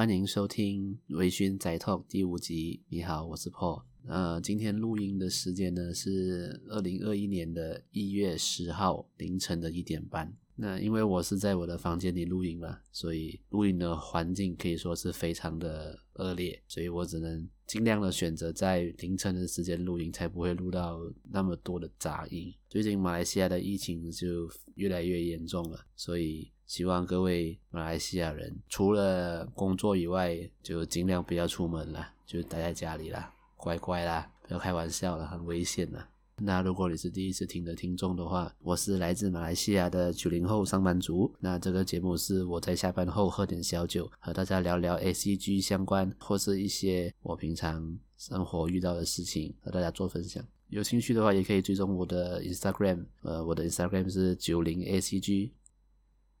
歡迎收聽《微醺宅 Talk》第五集。你好，我是 Paul。呃，今天錄音的時間呢，是二零二一年的一月十號凌晨的一點半。那因為我是在我的房間裡錄音嘛，所以錄音的環境可以說是非常的惡劣，所以我只能盡量的選擇在凌晨的時間錄音，才不會錄到那麼多的雜音。最近馬來西亞的疫情就越來越嚴重了，所以希望各位馬來西亞人，除了工作以外，就盡量不要出門了，就待在家裡啦，乖乖啦，不要開玩笑了，很危險的。那如果你是第一次聽的聽眾的話，我是來自馬來西亞的九零後上班族。那這個節目是我在下班後喝點小酒，和大家聊聊 ACG 相關，或是一些我平常生活遇到的事情，和大家做分享。有興趣的話，也可以追蹤我的 Instagram，呃，我的 Instagram 是九零 ACG。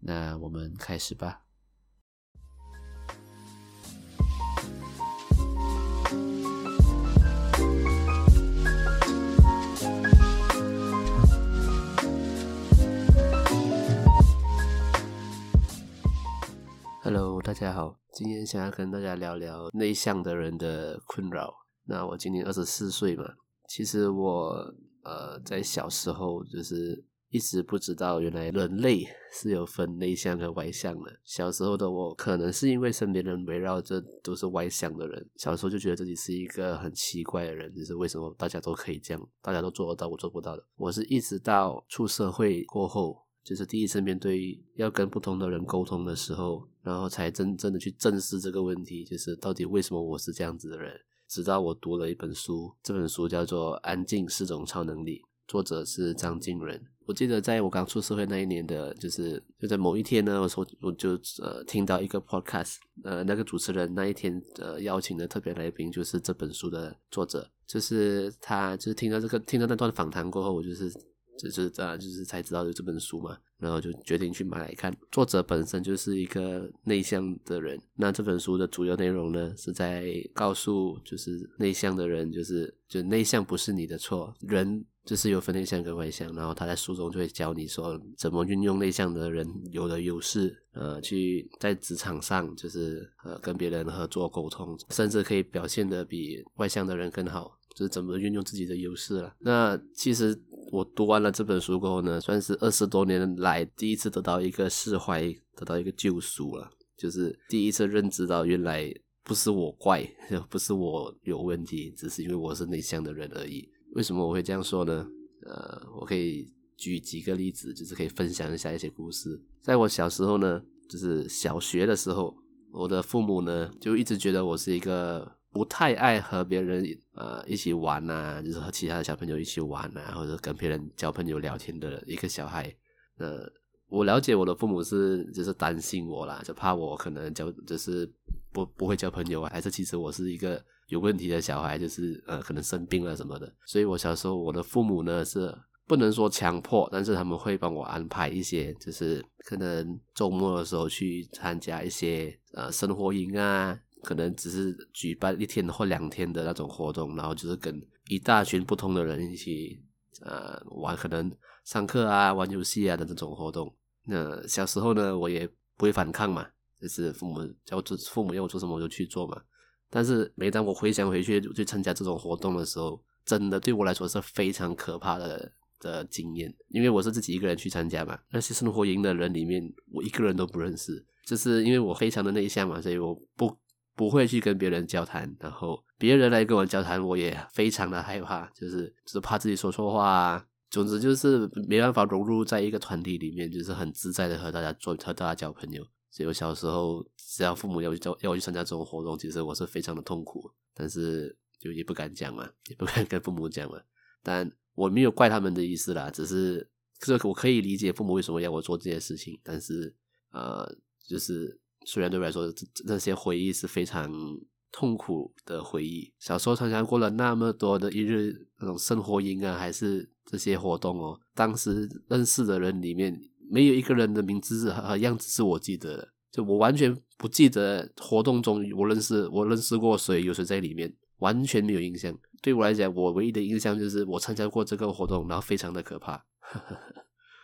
那我們開始吧。好，今天想要跟大家聊聊內向的人的困擾。那我今年二十四歲嘛，其實我呃在小時候就是一直不知道，原來人類是有分內向和外向的。小時候的我，可能是因為身邊人圍繞着都是外向的人，小時候就覺得自己是一個很奇怪的人，就是為什麼大家都可以這樣，大家都做得到，我做不到的。我是一直到出社會過後，就是第一次面對要跟不同的人溝通的時候。然後才真正的去正視這個問題，就是到底為什麼我是這樣子的人。直到我讀了一本書，這本書叫做《安靜是種超能力》，作者是張瀞仁。我記得在我剛、剛出社會那一年的，就是就在某一天呢，我說我就呃聽到一個 podcast，呃那個主持人那一天呃邀請的特別來賓就是這本書的作者，就是他就是聽到這個聽到那段訪談過後，我就是就是樣、啊，就是才知道有這本書嘛。然後就決定去買來看。作者本身就是一個內向的人，那這本書的主要內容呢，是在告訴就是內向的人，就是就內向不是你的錯，人就是有分內向跟外向。然後他在書中就會教你說怎麼運用內向的人有的優勢，呃，去在職場上就是呃跟別人合作溝通，甚至可以表現得比外向的人更好，就是怎麼運用自己的優勢啦。那其實。我讀完了這本書過後呢，算是二十多年來第一次得到一個釋懷，得到一個救贖了。就是第一次認知到，原來不是我怪，不是我有問題，只是因為我是內向的人而已。為什麼我會這樣說呢？呃，我可以舉幾個例子，就是可以分享一下一些故事。在我小時候呢，就是小學的時候，我的父母呢就一直覺得我是一個。不太愛和別人呃一起玩吶、啊，就是和其他的小朋友一起玩吶、啊，或者跟別人交朋友聊天的一個小孩。呃，我了解我的父母是就是擔心我啦，就怕我可能交就是不不會交朋友啊，還是其實我是一個有問題的小孩，就是呃可能生病了什麼的。所以我小時候我的父母呢是不能說強迫，但是他們會幫我安排一些，就是可能周末的時候去參加一些呃生活營啊。可能只是舉辦一天或兩天的那種活動，然後就是跟一大群不同的人一起，呃，玩可能上課啊、玩遊戲啊的這種活動。那小時候呢，我也不會反抗嘛，就是父母叫我做，父母要我做什麼我就去做嘛。但是每當我回想回去就去參加這種活動的時候，真的對我來說是非常可怕的的經驗，因為我是自己一個人去參加嘛。那些生活營的人裡面，我一個人都不認識，就是因為我非常的內向嘛，所以我不不會去跟別人交談，然後別人來跟我交談，我也非常的害怕，就是就是怕自己說錯話啊。總之就是沒辦法融入在一個團體裡面，就是很自在的和大家做和大家交朋友。所以我小時候，只要父母要我去要我去參加這種活動，其實我是非常的痛苦，但是就也不敢講嘛，也不敢跟父母講嘛。但我沒有怪他們的意思啦，只是就是我可以理解父母為什麼要我做這些事情，但是呃，就是。雖然對我來說這，這些回憶是非常痛苦的回憶。小時候參加過了那麼多的一日那種生活營啊，還是這些活動哦。當時認識的人裡面，沒有一個人的名字和樣子是我記得的，就我完全不記得活動中我認識我認識過誰有誰在裡面，完全沒有印象。對我來講，我唯一的印象就是我參加過這個活動，然後非常的可怕。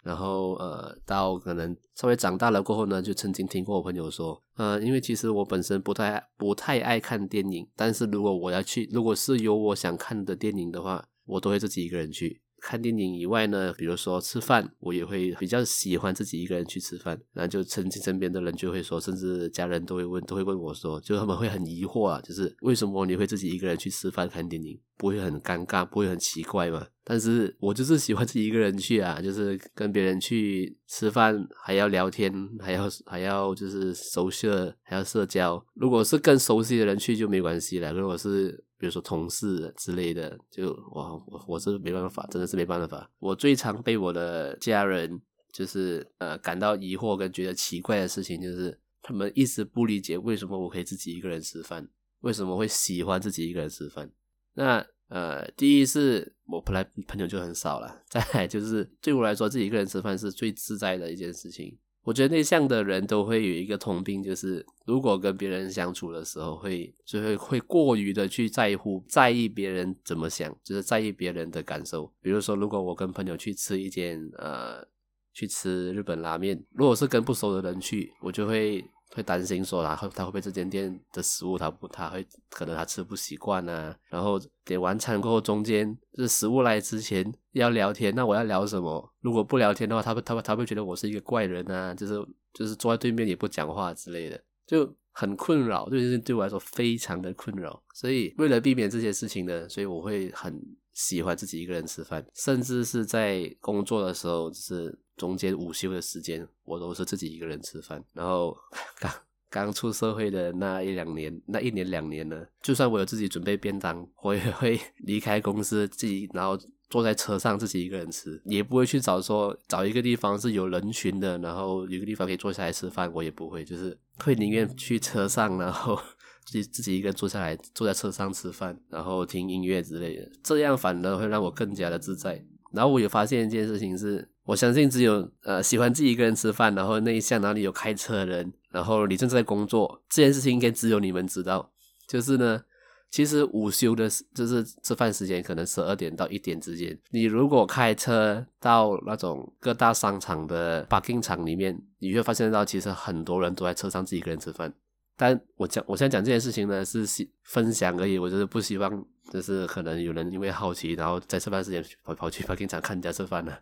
然後呃，到可能稍微長大了過後呢，就曾經聽過我朋友說，呃，因為其實我本身不太不太愛看電影，但是如果我要去，如果是有我想看的電影的話，我都會自己一個人去看電影以外呢，比如說吃飯，我也會比較喜歡自己一個人去吃飯。然後就曾經身邊的人就會說，甚至家人都會問，都會問我說，說就他們會很疑惑啊，就是為什麼你會自己一個人去吃飯看電影，不會很尷尬，不會很奇怪嗎？但是我就是喜歡自己一個人去啊，就是跟別人去吃飯還要聊天，還要還要就是 social 還要社交。如果是更熟悉的人去就沒關係了，如果是比如說同事之類的，就哇我我，我是沒辦法，真的是沒辦法。我最常被我的家人就是呃感到疑惑跟覺得奇怪的事情，就是他們一直不理解為什麼我可以自己一個人吃飯，為什麼會喜歡自己一個人吃飯？那。呃，第一是我本來朋友就很少了，再來就是對我來說自己一個人吃飯是最自在的一件事情。我覺得內向的人都會有一個通病，就是如果跟別人相處的時候會就會會過於的去在乎在意別人怎麼想，就是在意別人的感受。比如說，如果我跟朋友去吃一間呃去吃日本拉麵，如果是跟不熟的人去，我就會。會擔心說他，他會不會這間店的食物他不，他不他會可能他吃不習慣啊，然後點完餐過後，中間、就是食物來之前要聊天，那我要聊什麼？如果不聊天的話，他會他會他會覺得我是一個怪人啊？就是就是坐在對面也不講話之類的，就很困擾，對對，對我來說非常的困擾。所以為了避免這些事情呢，所以我會很。喜歡自己一個人吃飯，甚至是在工作的時候，就是中間午休的時間，我都是自己一個人吃飯。然後剛剛出社會的那一兩年，那一年兩年呢，就算我有自己準備便當，我也會離開公司自己，然後坐在車上自己一個人吃，也不會去找說找一個地方是有人群的，然後有一個地方可以坐下來吃飯，我也不會，就是會寧願去車上，然後。自己自己一個人坐下來，坐在車上吃飯，然後聽音樂之類的，這樣反而會讓我更加的自在。然後我有發現一件事情是，我相信只有呃喜歡自己一個人吃飯，然後那一下哪裡有開車的人，然後你正在工作，這件事情應該只有你們知道。就是呢，其實午休的，就是吃飯時間，可能十二點到一點之間，你如果開車到那種各大商場的 parking 場裡面，你會發現到其實很多人都在車上自己一個人吃飯。但我講，我現在講這件事情呢，是分享而已。我就是不希望，就是可能有人因為好奇，然後在吃飯時間跑跑去 parking 場看人家吃飯了，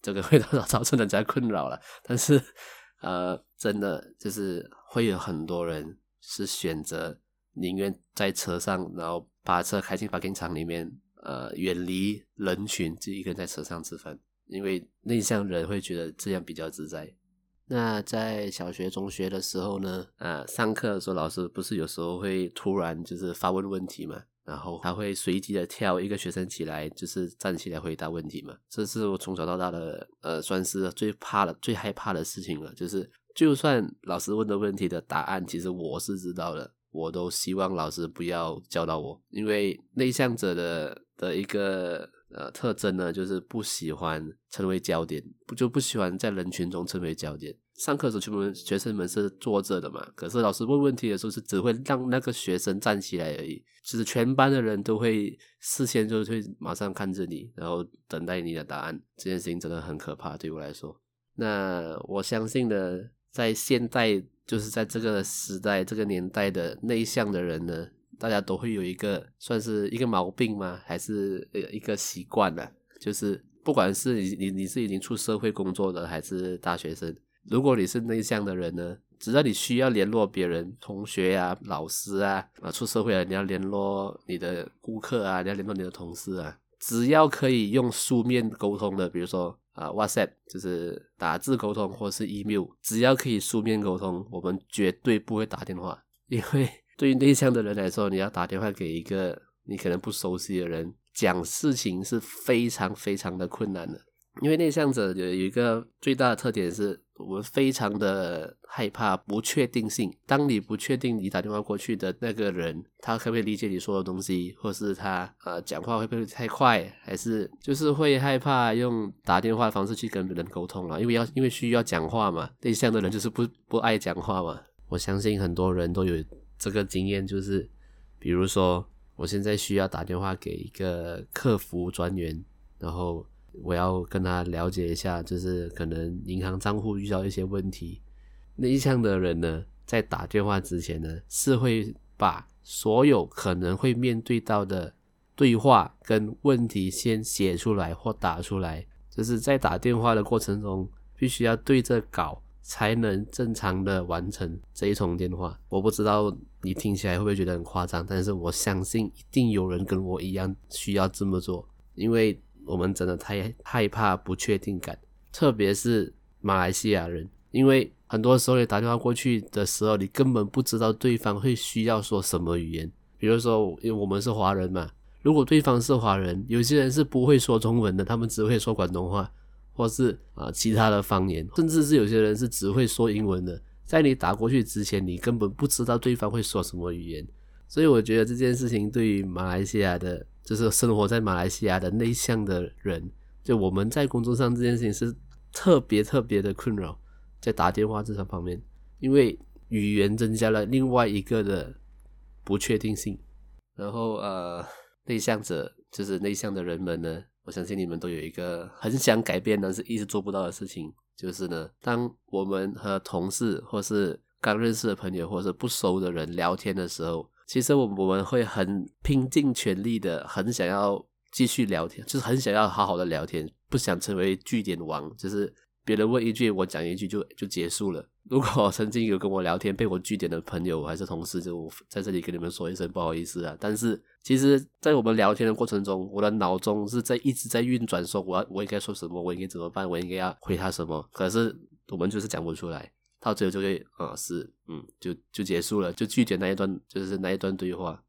這個會造造成人家困擾了。但是，呃，真的就是會有很多人是選擇寧願在車上，然後把車開進 parking 場裡面，呃，遠離人群，自己一個人在車上吃飯，因為內向人會覺得這樣比較自在。那在小學、中學的時候呢，呃，上課的時候老師不是有時候會突然就是發問問題嘛，然後他會隨機的挑一個學生起來，就是站起來回答問題嘛。這是我從小到大的，呃，算是最怕的、最害怕的事情了。就是就算老師問的問題的答案，其實我是知道的，我都希望老師不要叫到我，因為內向者的的一個。呃，特徵呢，就是不喜歡成為焦點，不就不喜歡在人群中成為焦點。上課時全，學學生們是坐着的嘛，可是老師問問題的時候，是只會讓那個學生站起來而已，就是全班的人都會事先就會馬上看着你，然後等待你的答案。這件事情真的很可怕，對我來說。那我相信呢，在現代，就是在這個時代、這個年代的內向的人呢。大家都會有一個算是一個毛病嗎？還是一個習慣了、啊？就是不管是你你你是已經出社會工作的，還是大學生，如果你是內向的人呢，只要你需要聯絡別人，同學啊，老師啊，啊出社會了、啊、你要聯絡你的顧客啊，你要聯絡你的同事啊，只要可以用書面溝通的，比如說啊 WhatsApp，就是打字溝通或是 email，只要可以書面溝通，我們絕對不會打電話，因為。對於內向的人來說，你要打電話給一個你可能不熟悉的人講事情是非常非常的困難的。因為內向者有一個最大的特點是，我們非常的害怕不確定性。當你不確定你打電話過去的那個人他可不可以理解你說的東西，或是他呃講話會不會太快，還是就是會害怕用打電話的方式去跟別人溝通啦。因為要因為需要講話嘛，內向的人就是不不愛講話嘛。我相信很多人都有。這個經驗就是，比如說，我現在需要打電話給一個客服專員，然後我要跟他了解一下，就是可能銀行賬戶遇到一些問題。那內向的人呢，在打電話之前呢，是會把所有可能會面對到的對話跟問題先寫出來或打出來，就是在打電話的過程中，必須要對着稿。才能正常的完成這一通電話。我不知道你聽起來會不會覺得很誇張，但是我相信一定有人跟我一樣需要這麼做，因為我們真的太害怕不確定感，特別是馬來西亞人，因為很多時候你打電話過去的時候，你根本不知道對方會需要說什麼語言。比如說，因為我們是華人嘛，如果對方是華人，有些人是不會說中文的，他們只會說廣東話。或是啊，其他的方言，甚至是有些人是只會說英文的，在你打過去之前，你根本不知道對方會說什麼語言，所以我覺得這件事情對於馬來西亞的，就是生活在馬來西亞的內向的人，就我們在工作上這件事情是特別特別的困擾，在打電話這場方面，因為語言增加了另外一個的不確定性，然後呃，內向者就是內向的人們呢。我相信你們都有一個很想改變，但是一直做不到的事情，就是呢，當我們和同事或是剛認識的朋友，或者不熟的人聊天的時候，其實我我們會很拼盡全力的，很想要繼續聊天，就是很想要好好的聊天，不想成為句點王，就是。別人問一句，我講一句就就結束了。如果曾經有跟我聊天被我句點的朋友還是同事，就我在這裡跟你們說一聲不好意思啊。但是其實，在我們聊天的過程中，我的腦中是在一直在運轉，說我我應該說什麼，我應該怎麼辦，我應該要回他什麼。可是我們就是講不出來，到最後就會啊、嗯、是嗯就就結束了，就句點那一段就是那一段對話。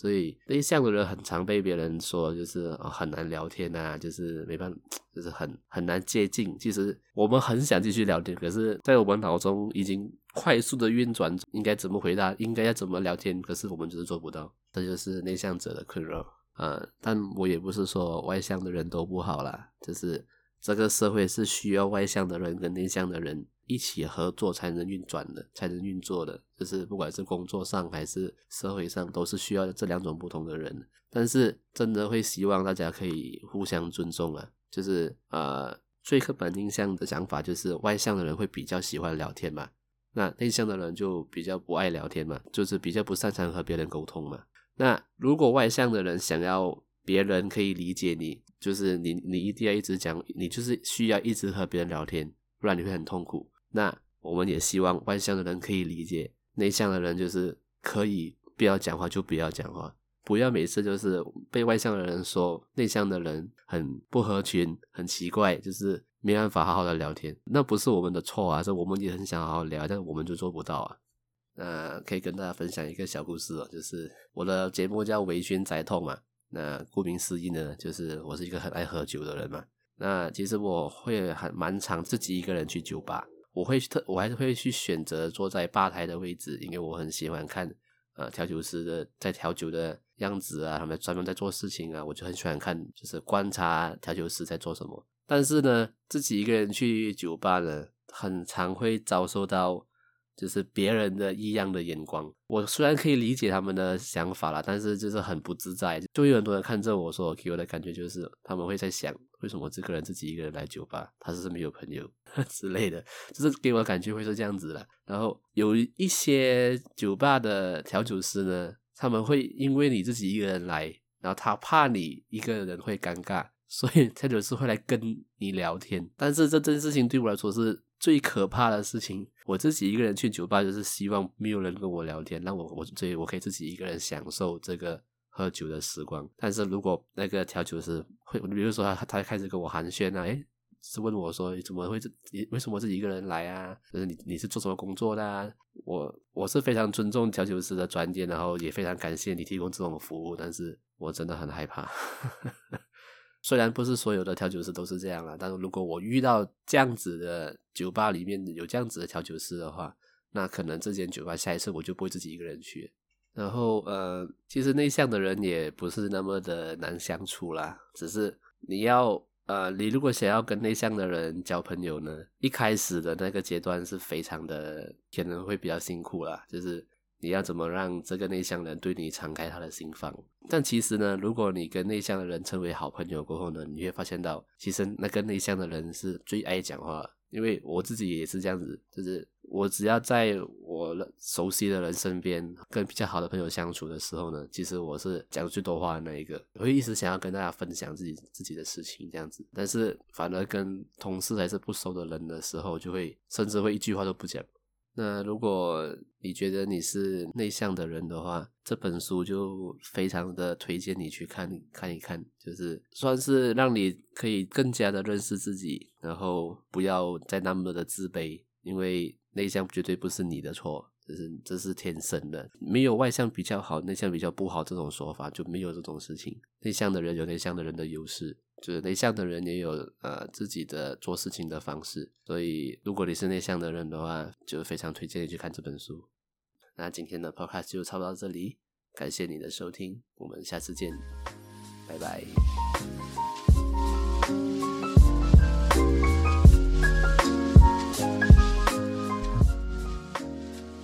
所以內向的人很常被別人說就是，哦，很難聊天吶，啊，就是沒辦法，就是很很難接近。其實我們很想繼續聊天，可是，在我們腦中已經快速的運轉，應該怎麼回答，應該要怎麼聊天，可是我們就是做不到。這就是內向者的困擾啊，嗯，但我也不是說外向的人都不好啦，就是這個社會是需要外向的人跟內向的人。一起合作才能運轉的，才能運作的，就是不管是工作上還是社會上，都是需要這兩種不同的人。但是真的會希望大家可以互相尊重啊！就是呃，最刻板印象的想法就是外向的人會比較喜歡聊天嘛，那內向的人就比較不愛聊天嘛，就是比較不擅長和別人溝通嘛。那如果外向的人想要別人可以理解你，就是你你一定要一直講，你就是需要一直和別人聊天，不然你會很痛苦。那我們也希望外向的人可以理解，內向的人就是可以不要講話就不要講話，不要每次就是被外向的人說內向的人很不合群、很奇怪，就是沒辦法好好的聊天。那不是我們的錯啊，是我們也很想好好聊，但我們就做不到啊。那可以跟大家分享一個小故事哦，就是我的節目叫《微醺宅 Talk》嘛。那顧名思義呢，就是我是一個很愛喝酒的人嘛。那其實我會很蠻常自己一個人去酒吧。我會特，我還是會去選擇坐在吧台的位置，因為我很喜歡看呃調酒師的在調酒的樣子啊，他們專門在做事情啊，我就很喜歡看，就是觀察調酒師在做什麼。但是呢，自己一個人去酒吧呢，很常會遭受到。就是別人的異樣的眼光，我雖然可以理解他們的想法啦，但是就是很不自在。就有很多人看著我說，給我的感覺就是他們會在想，為什麼這個人自己一個人來酒吧，他是沒有朋友之類的。就是給我的感覺會是這樣子啦。然後有一些酒吧的調酒師呢，他們會因為你自己一個人來，然後他怕你一個人會尷尬，所以調酒師會來跟你聊天。但是這件事情對我來說是最可怕的事情。我自己一個人去酒吧，就是希望沒有人跟我聊天，那我我所以我可以自己一個人享受這個喝酒的時光。但是如果那個調酒師會，比如說他他開始跟我寒暄啊，哎，是問我說你怎麼會為什麼自己一個人來啊？就是你你是做什麼工作的啊？我我是非常尊重調酒師的專業，然後也非常感謝你提供這種服務，但是我真的很害怕。 雖然不是所有的調酒師都是這樣啦，但是如果我遇到這樣子的酒吧裡面有這樣子的調酒師的話，那可能這間酒吧下一次我就不會自己一個人去。然後，呃，其實內向的人也不是那麼的難相處啦，只是你要，呃，你如果想要跟內向的人交朋友呢，一開始的那個階段是非常的，可能會比較辛苦啦，就是。你要怎麼讓這個內向的人對你敞開他的心房？但其實呢，如果你跟內向的人成為好朋友過後呢，你會發現到，其實那個內向的人是最愛講話。因為我自己也是這樣子，就是我只要在我熟悉的人身邊，跟比較好的朋友相處的時候呢，其實我是講最多話的那一個，我會一直想要跟大家分享自己自己的事情這樣子。但是反而跟同事還是不熟的人的時候，就會甚至會一句話都不講。那如果你覺得你是內向的人的話，這本書就非常的推薦你去看看一看，就是算是讓你可以更加的認識自己，然後不要再那麼的自卑，因為內向絕對不是你的錯，就是這是天生的，沒有外向比較好，內向比較不好這種說法，就沒有這種事情。內向的人有內向的人的優勢。就是內向的人也有呃自己的做事情的方式，所以如果你是內向的人的話，就非常推薦你去看這本書。那今天的 Podcast 就差不多到這裡，感謝你的收聽，我們下次見，拜拜。